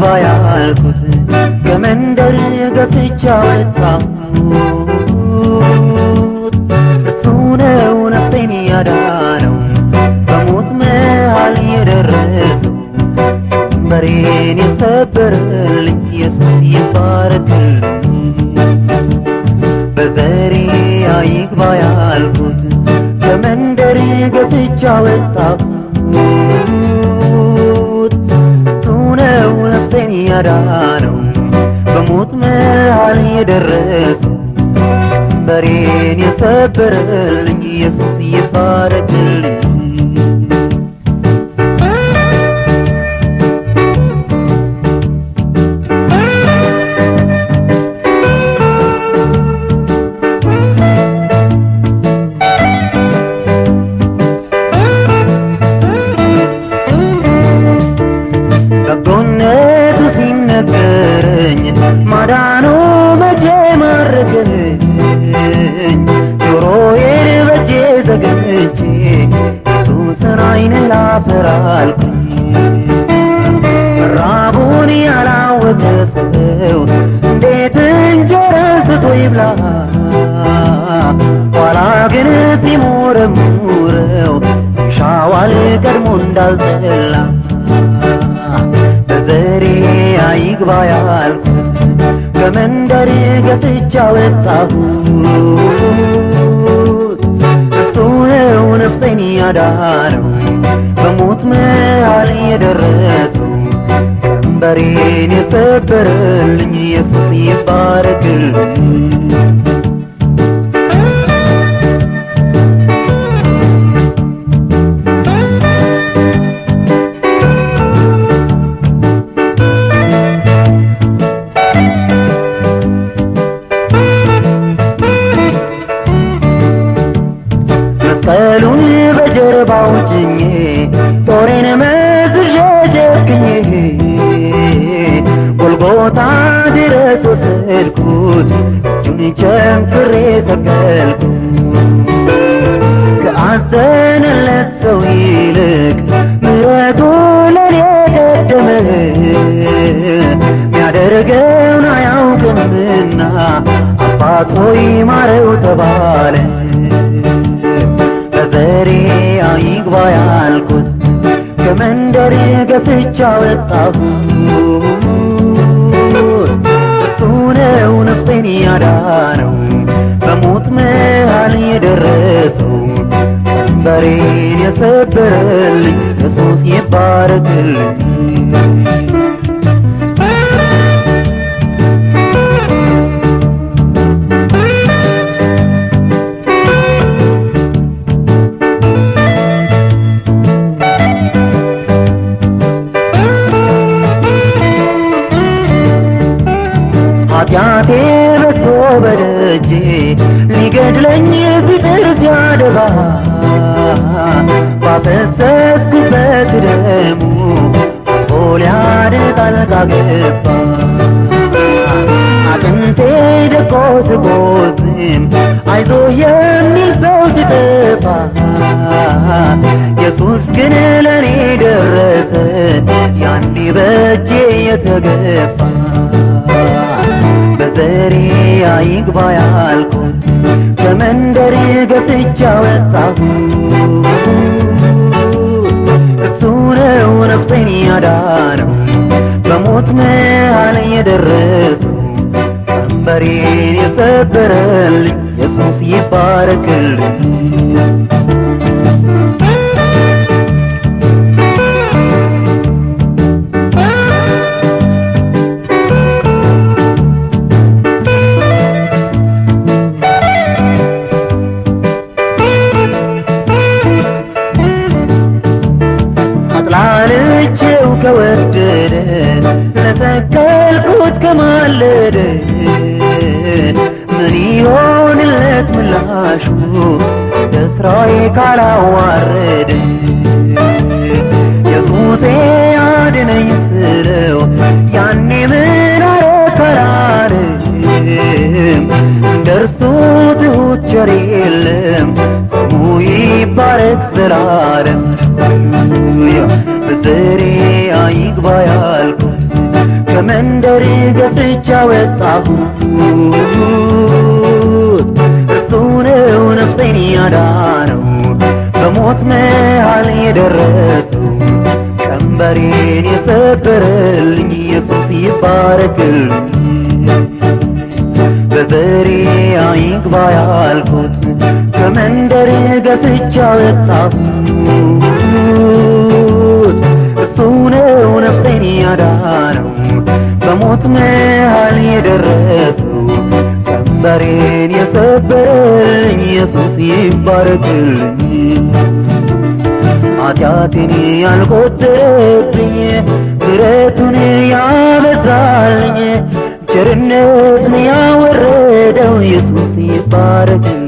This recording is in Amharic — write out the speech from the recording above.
ላግባ ያልኩት ከመንደር ገብቻ ወጣሁት እሱ ነው ነፍሴን ያዳነው በሞት መሃል የደረሰው በሬን የሰበረልኝ ኢየሱስ ይባረክልኝ በዘሬ አይግባ ያልኩት ከመንደር ገብቻ ወጣሁ እኔን ያዳነው በሞት መሃል የደረሰው በሬን የሰበረልኝ ኢየሱስ እየፋረድልኝ ዙፋኑ መቼ ማረከኝ ጆሮዬን በጄ ዘግቼ የሱስ ራይን ላፍራል ራቡን ያላወቀ ሰው እንዴት እንጀራ ስቶ ይብላ ኋላ ግን ሲሞረሙረው ሻዋል ቀድሞ እንዳልጠላ በዘሬ አይግባ ያልኩት ከመንደር ገጥቻ ወጣሁት እርሱ ነው ነፍሴን ያዳነው በሞት መሃል የደረሰው ቀንበሬን የሰበረልኝ ኢየሱስ ይባረክልን እጁን ጨምሬ ሰቀልኩ ከአዘነለት ሰው ይልቅ ምሕረቱ ለኔ ቀደመ። ሚያደርገውን አያውቅምና አባት ሆይ ማረው ተባለ። በዘሬ አይግባ ያልኩት ከመንደር ገፍቻ ወጣሁ እሱ ነው ያዳነው በሞት መሃል የደረሰው በሬን የሰበረልኝ ኢየሱስ ይባረክልኝ። ኃጢአቴ በደጄ ሊገድለኝ ቢጥር ሲያደባ ባፈሰስኩበት ደሙ ጎልያድ ጣልቃ ገባ። አጥንቴ ደቆ ስቆዝም አይዞ የሚል ሰው ሲጠፋ ኢየሱስ ግን ለኔ ደረሰ ያኔ በእጄ የተገፋ ገባ ያልኩት በመንደር ገብቻ ወጣሁት እሱ ነው ነፍሴን ያዳነው በሞት መሃል የደረሰው ቀንበሬን የሰበረልኝ ኢየሱስ ይባረክልኝ ተማለደ ምን ይሆንለት ምላሹ ለስራዬ ካላዋረደ የሱሴ አድነኝ ስለው ያኔ ምን አረካላንም እንደርሱ ትሁት ቸር የለም ስሙ ይባረክ ዘላለም ሃሌሉያ በዘሬ አይግባያ ወድጃ ወጣሁት እርሱ ነው ነፍሴን ያዳነው በሞት መሃል የደረሰው ቀንበሬን የሰበረልኝ ኢየሱስ ይባረክልኝ። በዘሬ አይግባ ያልኩት ከመንደር ገፍቻ ወጣሁት እርሱ ነው ነፍሴን ያዳነው በሞት መሃል የደረሰው ቀንበሬን የሰበረልኝ ኢየሱስ ይባረክልኝ። ኃጢአቴን ያልቆጠረብኝ ምሕረቱን ያበዛልኝ ቸርነቱን ያወረደው ኢየሱስ ይባረክልኝ።